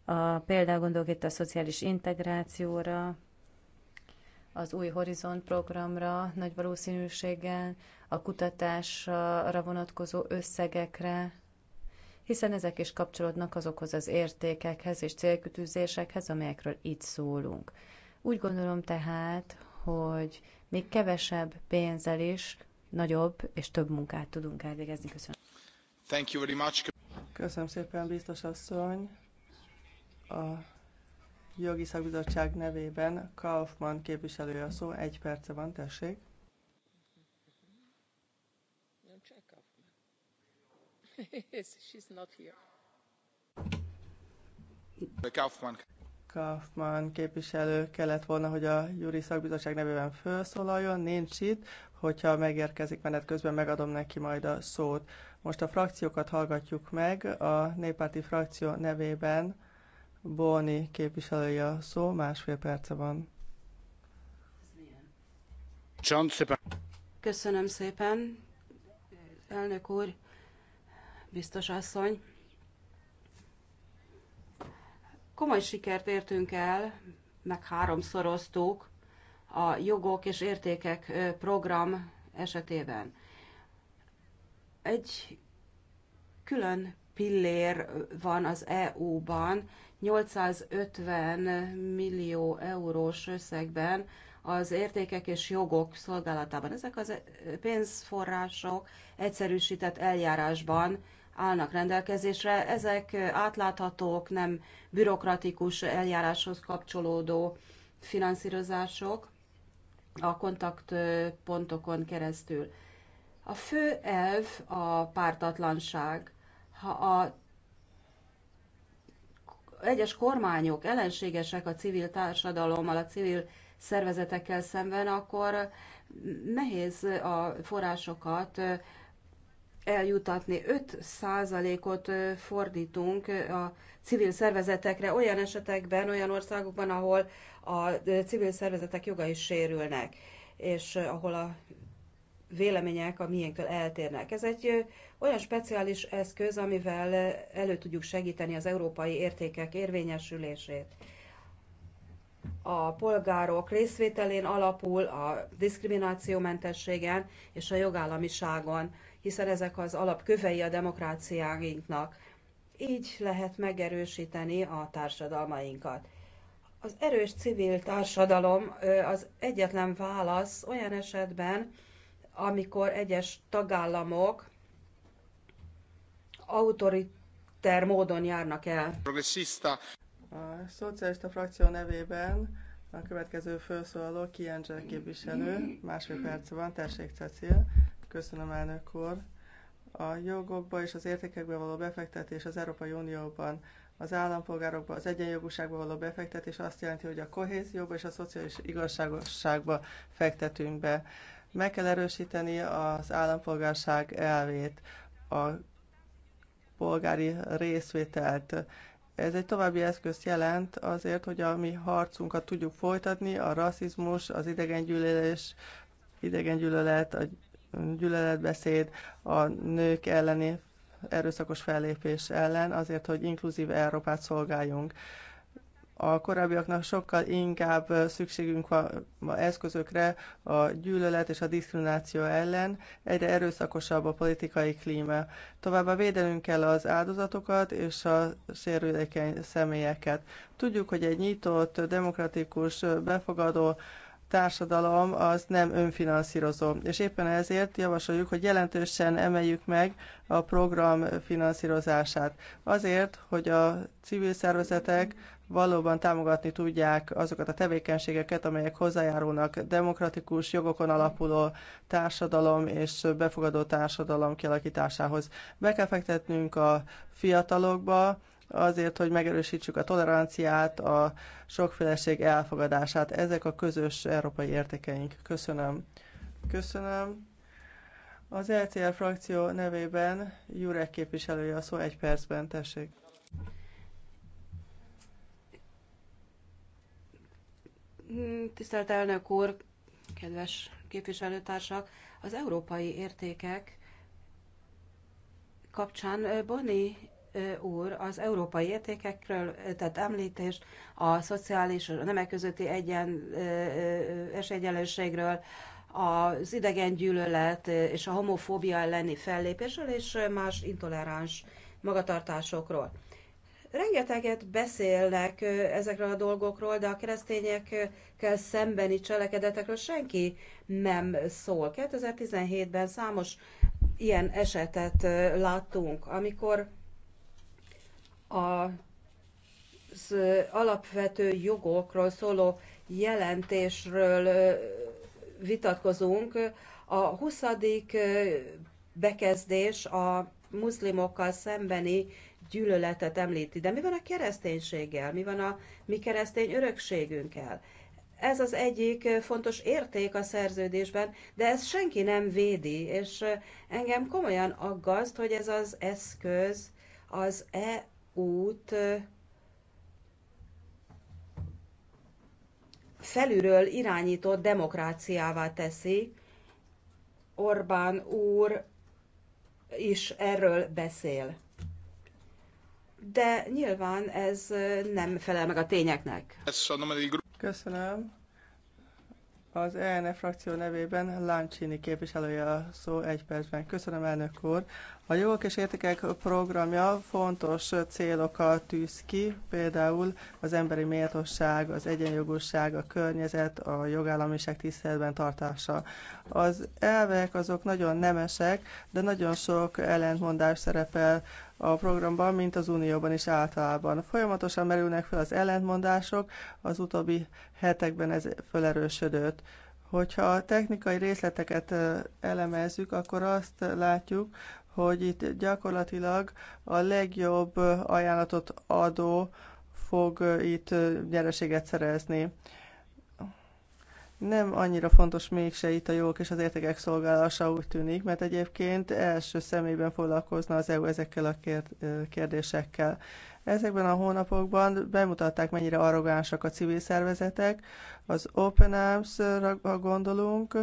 a, például gondolok itt a szociális integrációra, az új Horizont programra nagy valószínűséggel, a kutatásra vonatkozó összegekre, hiszen ezek is kapcsolódnak azokhoz az értékekhez és célkütőzésekhez, amelyekről itt szólunk. Úgy gondolom tehát, hogy még kevesebb pénzzel is nagyobb és több munkát tudunk elvégezni. Köszönöm. Thank you very much. Köszönöm szépen, biztos asszony. A jogi szakbizottság nevében Kaufmann képviselője a szó, egy perce van, tessék. Kaufmann. képviselő kellett volna, hogy a Júri Szakbizottság nevében felszólaljon, nincs itt, hogyha megérkezik menet közben, megadom neki majd a szót. Most a frakciókat hallgatjuk meg, a néppárti frakció nevében Bóni képviselője a szó, másfél perce van. Köszönöm szépen, elnök úr biztos asszony. Komoly sikert értünk el, meg háromszoroztuk a jogok és értékek program esetében. Egy külön pillér van az EU-ban, 850 millió eurós összegben az értékek és jogok szolgálatában. Ezek az pénzforrások egyszerűsített eljárásban állnak rendelkezésre. Ezek átláthatók, nem bürokratikus eljáráshoz kapcsolódó finanszírozások a kontaktpontokon keresztül. A fő elv a pártatlanság. Ha a egyes kormányok ellenségesek a civil társadalommal, a civil szervezetekkel szemben, akkor nehéz a forrásokat eljutatni. 5%-ot fordítunk a civil szervezetekre olyan esetekben, olyan országokban, ahol a civil szervezetek jogai sérülnek, és ahol a vélemények a miénktől eltérnek. Ez egy olyan speciális eszköz, amivel elő tudjuk segíteni az európai értékek érvényesülését. A polgárok részvételén alapul a diszkriminációmentességen és a jogállamiságon hiszen ezek az alapkövei a demokráciáinknak. Így lehet megerősíteni a társadalmainkat. Az erős civil társadalom az egyetlen válasz olyan esetben, amikor egyes tagállamok autoriter módon járnak el. Progressista. A szocialista frakció nevében a következő felszólaló Kiencsel képviselő, másfél perc van, tessék Cecil. Köszönöm, elnök úr. A jogokba és az értékekbe való befektetés az Európai Unióban az állampolgárokba, az egyenjogúságba való befektetés azt jelenti, hogy a kohézióba és a szociális igazságosságba fektetünk be. Meg kell erősíteni az állampolgárság elvét, a polgári részvételt. Ez egy további eszközt jelent azért, hogy a mi harcunkat tudjuk folytatni, a rasszizmus, az idegengyűlölés, idegengyűlölet, a gyűlöletbeszéd, a nők elleni erőszakos fellépés ellen, azért, hogy inkluzív Európát szolgáljunk. A korábbiaknak sokkal inkább szükségünk van a eszközökre a gyűlölet és a diszkrimináció ellen, egyre erőszakosabb a politikai klíma. Továbbá védenünk kell az áldozatokat és a sérülékeny személyeket. Tudjuk, hogy egy nyitott, demokratikus, befogadó társadalom az nem önfinanszírozó. És éppen ezért javasoljuk, hogy jelentősen emeljük meg a program finanszírozását. Azért, hogy a civil szervezetek valóban támogatni tudják azokat a tevékenységeket, amelyek hozzájárulnak demokratikus jogokon alapuló társadalom és befogadó társadalom kialakításához. Be kell fektetnünk a fiatalokba, azért, hogy megerősítsük a toleranciát, a sokféleség elfogadását. Ezek a közös európai értékeink. Köszönöm. Köszönöm. Az e LCR frakció nevében Jurek képviselője a szó egy percben, tessék. Tisztelt elnök úr, kedves képviselőtársak! Az európai értékek kapcsán Boni úr az európai értékekről tett említést, a szociális, a nemek közötti egyen, esélyegyenlőségről, az gyűlölet és a homofóbia elleni fellépésről és más intoleráns magatartásokról. Rengeteget beszélnek ezekről a dolgokról, de a keresztényekkel szembeni cselekedetekről senki nem szól. 2017-ben számos ilyen esetet láttunk, amikor a az alapvető jogokról szóló jelentésről vitatkozunk. A 20. bekezdés a muszlimokkal szembeni gyűlöletet említi. De mi van a kereszténységgel? Mi van a mi keresztény örökségünkkel? Ez az egyik fontos érték a szerződésben, de ezt senki nem védi, és engem komolyan aggaszt, hogy ez az eszköz az e út felülről irányított demokráciává teszi. Orbán úr is erről beszél. De nyilván ez nem felel meg a tényeknek. Köszönöm. Az ELNE e frakció nevében Láncsini képviselője a szó egy percben. Köszönöm, elnök úr. A jogok és értékek programja fontos célokat tűz ki, például az emberi méltóság, az egyenjogúság, a környezet, a jogállamiság tiszteletben tartása. Az elvek azok nagyon nemesek, de nagyon sok ellentmondás szerepel a programban, mint az Unióban is általában. Folyamatosan merülnek fel az ellentmondások, az utóbbi hetekben ez felerősödött. Hogyha a technikai részleteket elemezzük, akkor azt látjuk, hogy itt gyakorlatilag a legjobb ajánlatot adó fog itt nyereséget szerezni. Nem annyira fontos mégse itt a jók és az értékek szolgálása úgy tűnik, mert egyébként első személyben foglalkozna az EU ezekkel a kérdésekkel. Ezekben a hónapokban bemutatták, mennyire arrogánsak a civil szervezetek. Az Open Arms-ra gondolunk,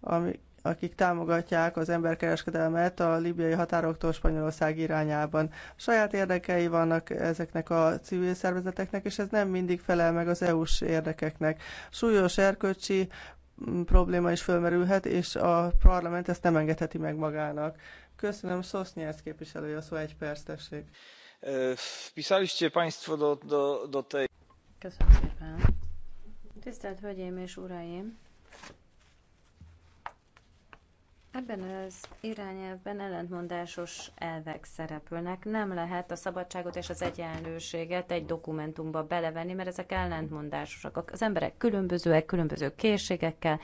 ami akik támogatják az emberkereskedelmet a libiai határoktól Spanyolország irányában. Saját érdekei vannak ezeknek a civil szervezeteknek, és ez nem mindig felel meg az EU-s érdekeknek. Súlyos erkölcsi mm, probléma is fölmerülhet, és a parlament ezt nem engedheti meg magának. Köszönöm, Szosznyersz képviselője, a szó egy perc, tessék. państwo do, do, do tej... Köszönöm szépen. Tisztelt Hölgyeim és Uraim! Ebben az irányelvben ellentmondásos elvek szerepülnek. Nem lehet a szabadságot és az egyenlőséget egy dokumentumba belevenni, mert ezek ellentmondásosak. Az emberek különbözőek, különböző készségekkel,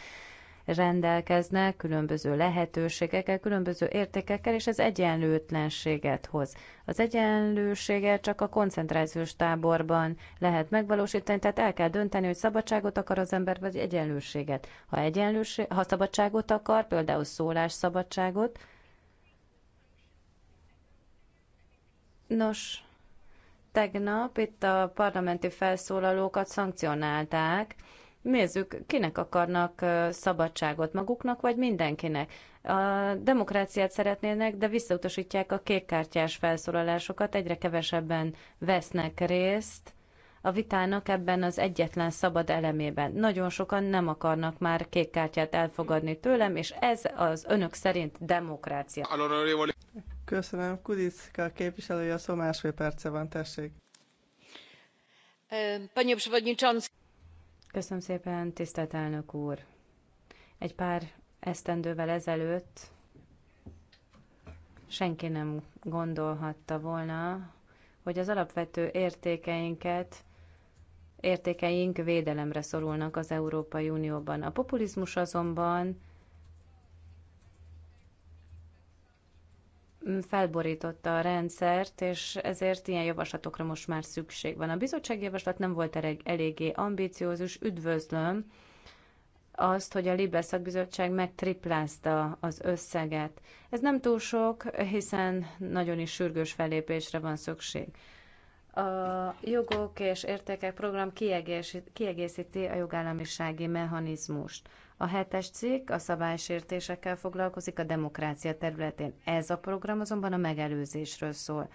rendelkeznek különböző lehetőségekkel, különböző értékekkel, és ez egyenlőtlenséget hoz. Az egyenlőséget csak a koncentrációs táborban lehet megvalósítani, tehát el kell dönteni, hogy szabadságot akar az ember, vagy egyenlőséget. Ha, egyenlőség, ha szabadságot akar, például szólásszabadságot, Nos, tegnap itt a parlamenti felszólalókat szankcionálták, Nézzük, kinek akarnak szabadságot maguknak, vagy mindenkinek. A demokráciát szeretnének, de visszautasítják a kékkártyás felszólalásokat, egyre kevesebben vesznek részt a vitának ebben az egyetlen szabad elemében. Nagyon sokan nem akarnak már kékkártyát elfogadni tőlem, és ez az önök szerint demokrácia. Köszönöm. Kudicka képviselője a szó másfél perce van, tessék. Panie przewodniczący. Köszönöm szépen, tisztelt elnök úr! Egy pár esztendővel ezelőtt senki nem gondolhatta volna, hogy az alapvető értékeinket, értékeink védelemre szorulnak az Európai Unióban. A populizmus azonban felborította a rendszert, és ezért ilyen javaslatokra most már szükség van. A bizottsági javaslat nem volt elég, eléggé ambiciózus, üdvözlöm azt, hogy a Libe szakbizottság megtriplázta az összeget. Ez nem túl sok, hiszen nagyon is sürgős fellépésre van szükség. A jogok és értékek program kiegészíti a jogállamisági mechanizmust. A hetes cikk a szabálysértésekkel foglalkozik a demokrácia területén. Ez a program azonban a megelőzésről szól.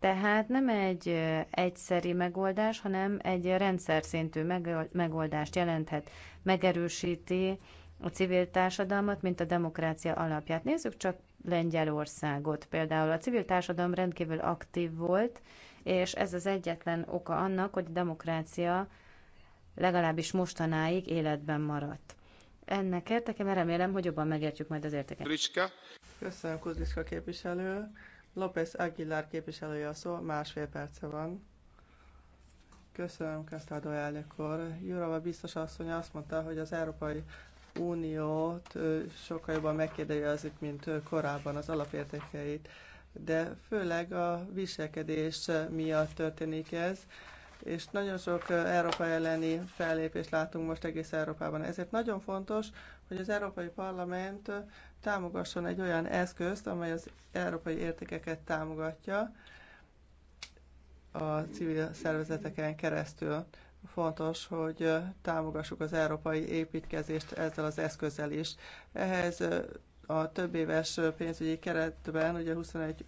Tehát nem egy egyszeri megoldás, hanem egy rendszer szintű megoldást jelenthet, megerősíti a civil társadalmat, mint a demokrácia alapját. Nézzük csak Lengyelországot például. A civil társadalom rendkívül aktív volt, és ez az egyetlen oka annak, hogy a demokrácia legalábbis mostanáig életben maradt ennek mert remélem, hogy jobban megértjük majd az értéket. Ricska. Köszönöm, Kuzliska képviselő. López Aguilar képviselője a szó, másfél perce van. Köszönöm, Kasztádó elnök úr. Jurava biztos asszony azt mondta, hogy az Európai Uniót sokkal jobban megkérdezik, mint korábban az alapértékeit. De főleg a viselkedés miatt történik ez, és nagyon sok Európa elleni fellépést látunk most egész Európában. Ezért nagyon fontos, hogy az Európai Parlament támogasson egy olyan eszközt, amely az európai értékeket támogatja a civil szervezeteken keresztül. Fontos, hogy támogassuk az európai építkezést ezzel az eszközzel is. Ehhez a több éves pénzügyi keretben, ugye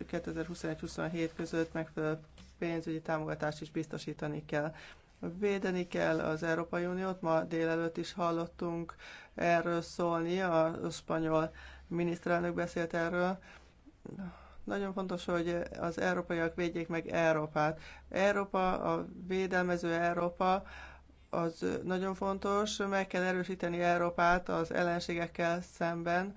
2021 27 között megfelelő pénzügyi támogatást is biztosítani kell. Védeni kell az Európai Uniót, ma délelőtt is hallottunk erről szólni, a spanyol miniszterelnök beszélt erről. Nagyon fontos, hogy az európaiak védjék meg Európát. Európa, a védelmező Európa, az nagyon fontos, meg kell erősíteni Európát az ellenségekkel szemben,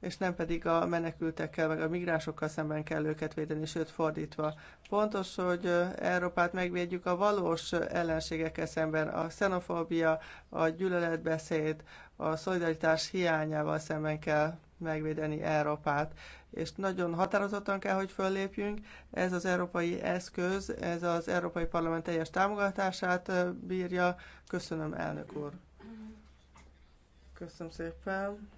és nem pedig a menekültekkel, meg a migránsokkal szemben kell őket védeni, sőt fordítva. Pontos, hogy Európát megvédjük a valós ellenségekkel szemben, a xenofóbia, a gyűlöletbeszéd, a szolidaritás hiányával szemben kell megvédeni Európát. És nagyon határozottan kell, hogy föllépjünk. Ez az európai eszköz, ez az Európai Parlament teljes támogatását bírja. Köszönöm, elnök úr. Köszönöm szépen.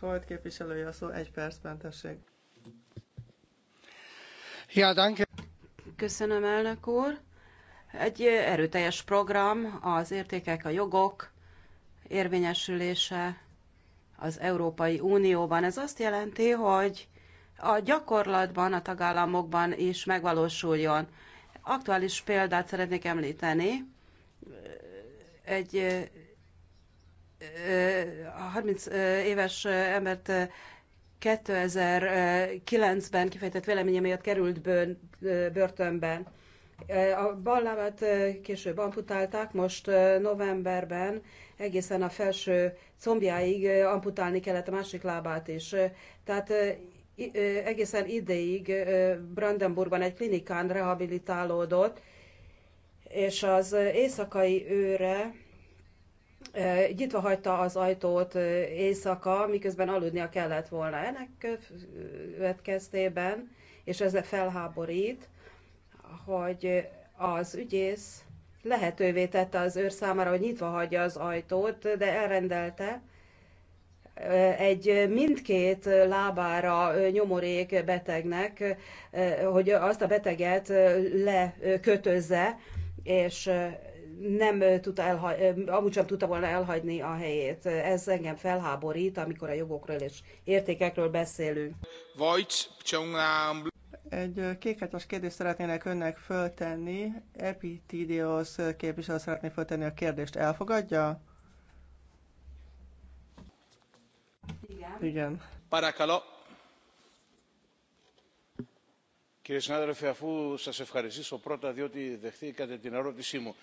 Volt képviselője a szó, egy percben tessék. Ja, danke. Köszönöm, elnök úr. Egy erőteljes program, az értékek, a jogok érvényesülése az Európai Unióban. Ez azt jelenti, hogy a gyakorlatban, a tagállamokban is megvalósuljon. Aktuális példát szeretnék említeni. Egy a 30 éves embert 2009-ben kifejtett véleménye miatt került börtönben. A lábát később amputálták, most novemberben egészen a felső combjáig amputálni kellett a másik lábát is. Tehát egészen ideig Brandenburgban egy klinikán rehabilitálódott, és az éjszakai őre nyitva hagyta az ajtót éjszaka, miközben aludnia kellett volna. Ennek következtében, és ezzel felháborít, hogy az ügyész lehetővé tette az őr számára, hogy nyitva hagyja az ajtót, de elrendelte egy mindkét lábára nyomorék betegnek, hogy azt a beteget lekötözze, és nem tudta elhagy, amúgy sem tudta volna elhagyni a helyét. Ez engem felháborít, amikor a jogokról és értékekről beszélünk. Egy kékhátyos kérdést szeretnének önnek föltenni. Epitidios képviselő szeretné föltenni a kérdést. Elfogadja? Igen. Igen. Παρακαλώ. Κύριε συνάδελφε, αφού σας ευχαριστήσω πρώτα διότι δεχθήκατε την ερώτησή μου.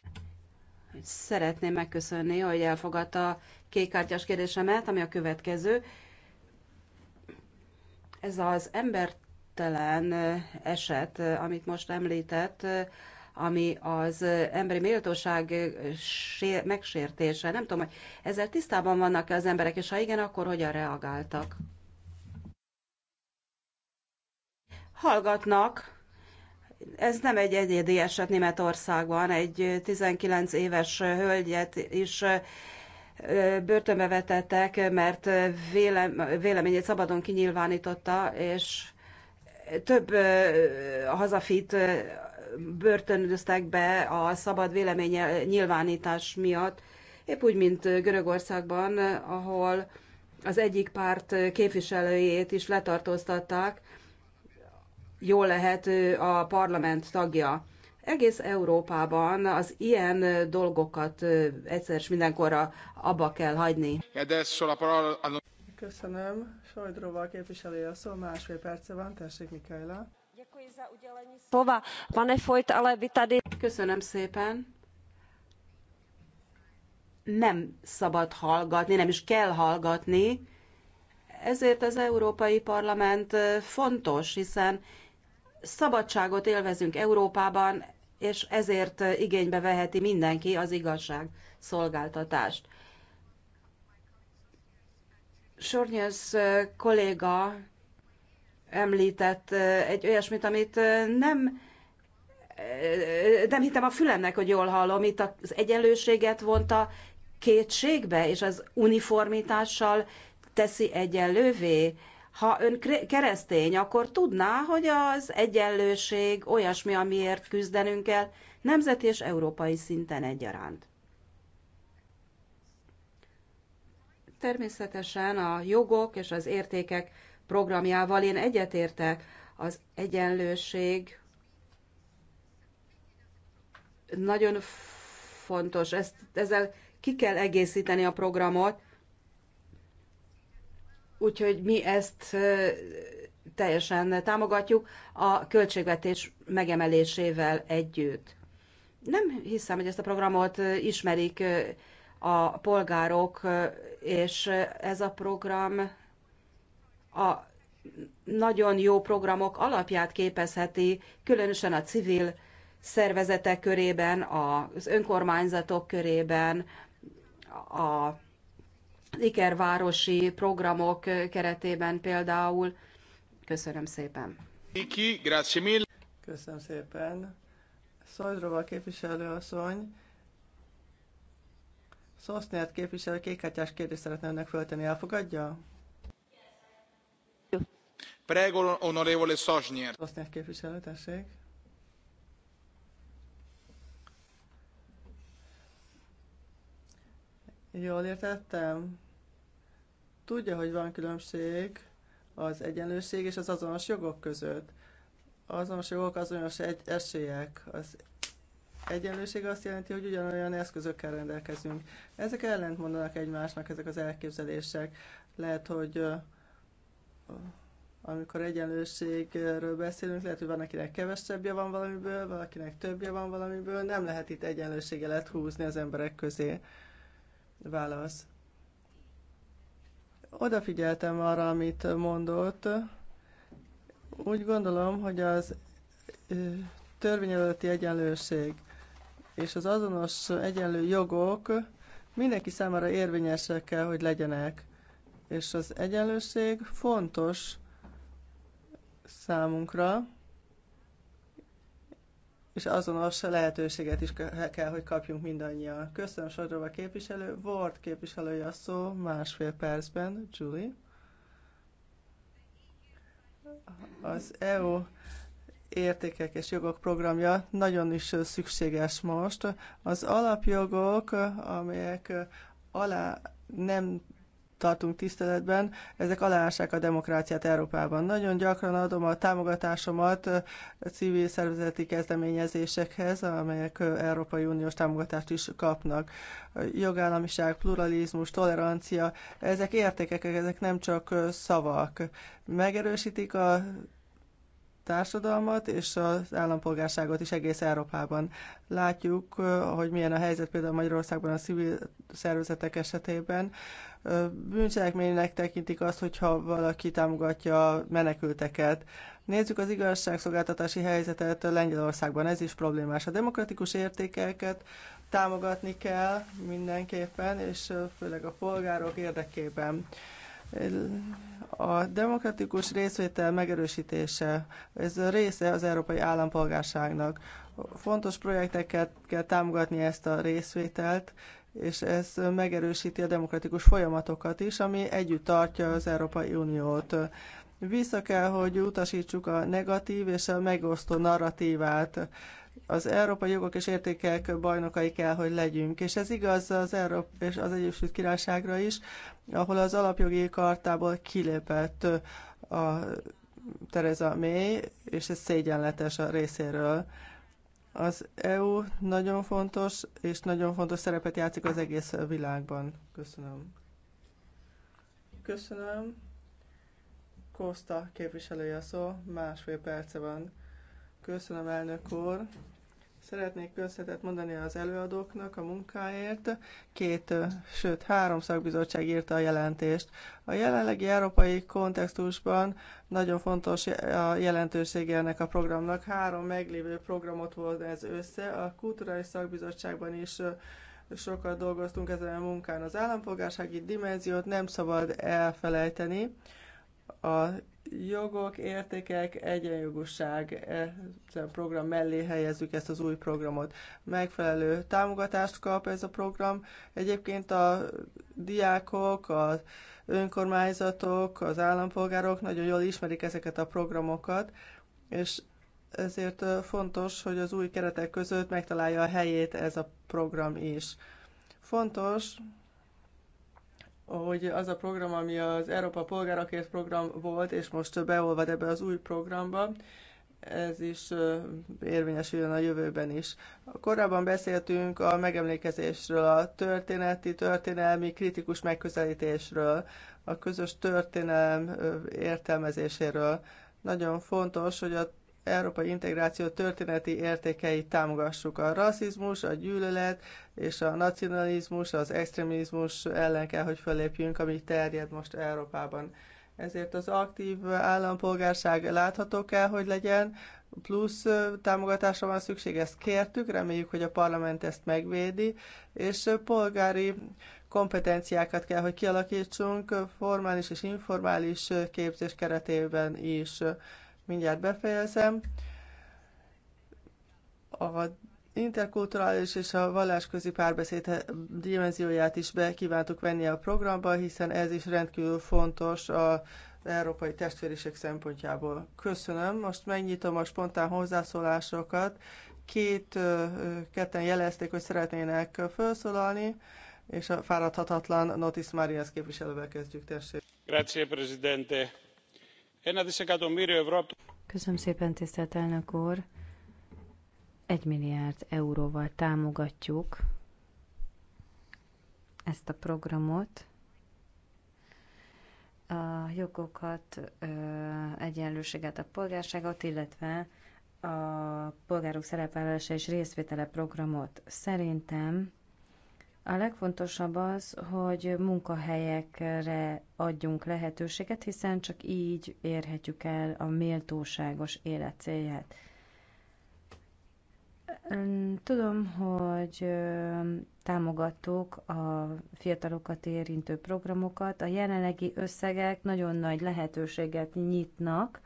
Szeretném megköszönni, hogy elfogadta kékkártyás kérdésemet, ami a következő. Ez az embertelen eset, amit most említett, ami az emberi méltóság megsértése. Nem tudom, hogy ezzel tisztában vannak-e az emberek, és ha igen, akkor hogyan reagáltak? Hallgatnak, ez nem egy egyedi eset Németországban, egy 19 éves hölgyet is börtönbe vetettek, mert véleményét szabadon kinyilvánította, és több hazafit börtönöztek be a szabad véleménye nyilvánítás miatt, épp úgy, mint Görögországban, ahol az egyik párt képviselőjét is letartóztatták, jól lehet a parlament tagja. Egész Európában az ilyen dolgokat egyszer és mindenkorra abba kell hagyni. Köszönöm. Sojdrova képviselő a szó, másfél perce van, tessék Mikaela. Köszönöm szépen. Nem szabad hallgatni, nem is kell hallgatni. Ezért az Európai Parlament fontos, hiszen szabadságot élvezünk Európában, és ezért igénybe veheti mindenki az igazság szolgáltatást. Sornyos kolléga említett eh, egy olyasmit, amit eh, nem eh, nem hittem a fülemnek, hogy jól hallom, itt az egyenlőséget vonta kétségbe, és az uniformitással teszi egyenlővé. Ha ön keresztény, akkor tudná, hogy az egyenlőség olyasmi, amiért küzdenünk kell, nemzeti és európai szinten egyaránt. Természetesen a jogok és az értékek programjával én egyetértek. Az egyenlőség nagyon fontos. Ezt, ezzel ki kell egészíteni a programot, úgyhogy mi ezt teljesen támogatjuk a költségvetés megemelésével együtt. Nem hiszem, hogy ezt a programot ismerik a polgárok, és ez a program a nagyon jó programok alapját képezheti, különösen a civil szervezetek körében, az önkormányzatok körében, a ikervárosi programok keretében például. Köszönöm szépen. Iki, grazie mille. Köszönöm szépen. Szojdrova képviselőasszony, Szosznyert képviselő kékhátyás kérdést szeretne önnek fölteni. Elfogadja? Prego, onorevole Szosznyert. Szosznyert képviselő, tessék. Jól értettem? Tudja, hogy van különbség az egyenlőség és az azonos jogok között. Azonos jogok, azonos egy esélyek. Az egyenlőség azt jelenti, hogy ugyanolyan eszközökkel rendelkezünk. Ezek ellent mondanak egymásnak, ezek az elképzelések. Lehet, hogy amikor egyenlőségről beszélünk, lehet, hogy van, akinek kevesebbje van valamiből, valakinek többje van valamiből, nem lehet itt egyenlőséget húzni az emberek közé. Válasz. Odafigyeltem arra, amit mondott. Úgy gondolom, hogy az előtti egyenlőség és az azonos egyenlő jogok mindenki számára érvényesek kell, hogy legyenek. És az egyenlőség fontos számunkra, és azonos lehetőséget is kell, hogy kapjunk mindannyian. Köszönöm Sodrova képviselő. Ward képviselői a szó másfél percben. Julie. Az EU értékek és jogok programja nagyon is szükséges most. Az alapjogok, amelyek alá nem tartunk tiszteletben, ezek aláássák a demokráciát Európában. Nagyon gyakran adom a támogatásomat a civil szervezeti kezdeményezésekhez, amelyek Európai Uniós támogatást is kapnak. Jogállamiság, pluralizmus, tolerancia, ezek értékek, ezek nem csak szavak. Megerősítik a társadalmat és az állampolgárságot is egész Európában. Látjuk, hogy milyen a helyzet például Magyarországban a civil szervezetek esetében bűncselekménynek tekintik azt, hogyha valaki támogatja menekülteket. Nézzük az igazságszolgáltatási helyzetet Lengyelországban, ez is problémás. A demokratikus értékeket támogatni kell mindenképpen, és főleg a polgárok érdekében. A demokratikus részvétel megerősítése, ez a része az európai állampolgárságnak. Fontos projekteket kell támogatni ezt a részvételt, és ez megerősíti a demokratikus folyamatokat is, ami együtt tartja az Európai Uniót. Vissza kell, hogy utasítsuk a negatív és a megosztó narratívát. Az európai jogok és értékek bajnokai kell, hogy legyünk. És ez igaz az Európa és az Egyesült Királyságra is, ahol az alapjogi kartából kilépett a Tereza May, és ez szégyenletes a részéről az EU nagyon fontos, és nagyon fontos szerepet játszik az egész világban. Köszönöm. Köszönöm. Kosta képviselője szó, másfél perce van. Köszönöm, elnök úr. Szeretnék köszönetet mondani az előadóknak a munkáért. Két, sőt három szakbizottság írta a jelentést. A jelenlegi európai kontextusban nagyon fontos a jelentősége ennek a programnak. Három meglévő programot volt ez össze. A kulturális szakbizottságban is sokat dolgoztunk ezen a munkán. Az állampolgársági dimenziót nem szabad elfelejteni. A jogok, értékek, egyenjogúság e, ez a program mellé helyezzük ezt az új programot. Megfelelő támogatást kap ez a program. Egyébként a diákok, az önkormányzatok, az állampolgárok nagyon jól ismerik ezeket a programokat, és ezért fontos, hogy az új keretek között megtalálja a helyét ez a program is. Fontos, hogy az a program, ami az Európa Polgárakért program volt, és most beolvad ebbe az új programba, ez is érvényesüljön a jövőben is. Korábban beszéltünk a megemlékezésről, a történeti, történelmi, kritikus megközelítésről, a közös történelem értelmezéséről. Nagyon fontos, hogy a európai integráció történeti értékeit támogassuk. A rasszizmus, a gyűlölet és a nacionalizmus, az extremizmus ellen kell, hogy fölépjünk, ami terjed most Európában. Ezért az aktív állampolgárság látható kell, hogy legyen, plusz támogatásra van szükség, ezt kértük, reméljük, hogy a parlament ezt megvédi, és polgári kompetenciákat kell, hogy kialakítsunk formális és informális képzés keretében is mindjárt befejezem. A interkulturális és a vallásközi párbeszéd dimenzióját is be kívántuk venni a programba, hiszen ez is rendkívül fontos az európai testvériség szempontjából. Köszönöm. Most megnyitom a spontán hozzászólásokat. Két ketten jelezték, hogy szeretnének felszólalni, és a fáradhatatlan Notis Marias képviselővel kezdjük, tessék. Grazie, Presidente Köszönöm szépen, tisztelt elnök úr. Egy milliárd euróval támogatjuk ezt a programot. A jogokat, egyenlőséget, a polgárságot, illetve a polgárok szerepvállalása és részvétele programot. Szerintem a legfontosabb az, hogy munkahelyekre adjunk lehetőséget, hiszen csak így érhetjük el a méltóságos élet célját. Tudom, hogy támogattuk a fiatalokat érintő programokat. A jelenlegi összegek nagyon nagy lehetőséget nyitnak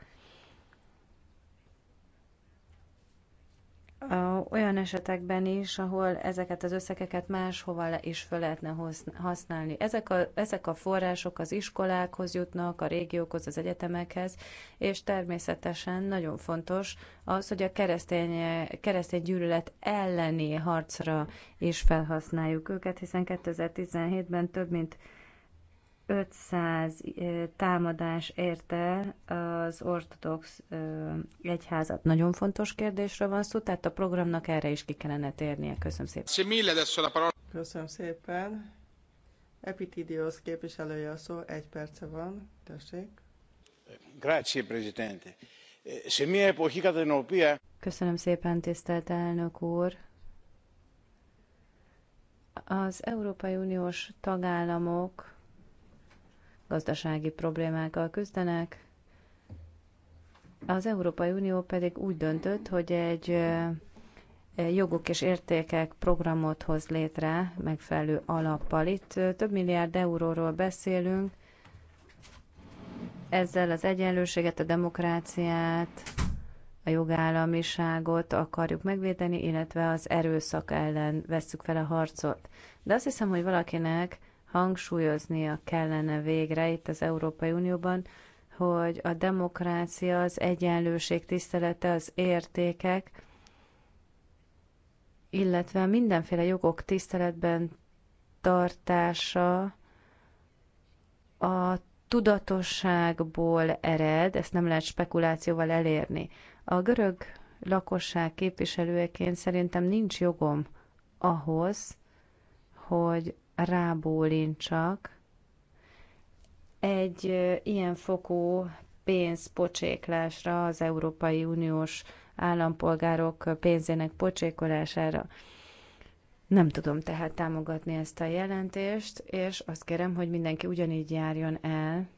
olyan esetekben is, ahol ezeket az összegeket máshova is fel lehetne használni. Ezek a, ezek a források az iskolákhoz jutnak, a régiókhoz, az egyetemekhez, és természetesen nagyon fontos az, hogy a keresztény, keresztény gyűlölet elleni harcra is felhasználjuk őket, hiszen 2017-ben több mint 500 támadás érte az ortodox egyházat. Nagyon fontos kérdésről van szó, tehát a programnak erre is ki kellene térnie. Köszönöm szépen. Köszönöm szépen. Epitidios képviselője a szó, egy perce van, tessék. Grazie, Presidente. Eh, se mi epochi catenopia... Köszönöm szépen, tisztelt elnök úr. Az Európai Uniós tagállamok gazdasági problémákkal küzdenek. Az Európai Unió pedig úgy döntött, hogy egy jogok és értékek programot hoz létre megfelelő alappal. Itt több milliárd euróról beszélünk, ezzel az egyenlőséget, a demokráciát, a jogállamiságot akarjuk megvédeni, illetve az erőszak ellen vesszük fel a harcot. De azt hiszem, hogy valakinek hangsúlyoznia kellene végre itt az Európai Unióban, hogy a demokrácia, az egyenlőség tisztelete, az értékek, illetve mindenféle jogok tiszteletben tartása a tudatosságból ered, ezt nem lehet spekulációval elérni. A görög lakosság képviselőjeként szerintem nincs jogom ahhoz, hogy rábólincsak egy ilyen fokú pénzpocséklásra, az Európai Uniós állampolgárok pénzének pocsékolására. Nem tudom tehát támogatni ezt a jelentést, és azt kérem, hogy mindenki ugyanígy járjon el,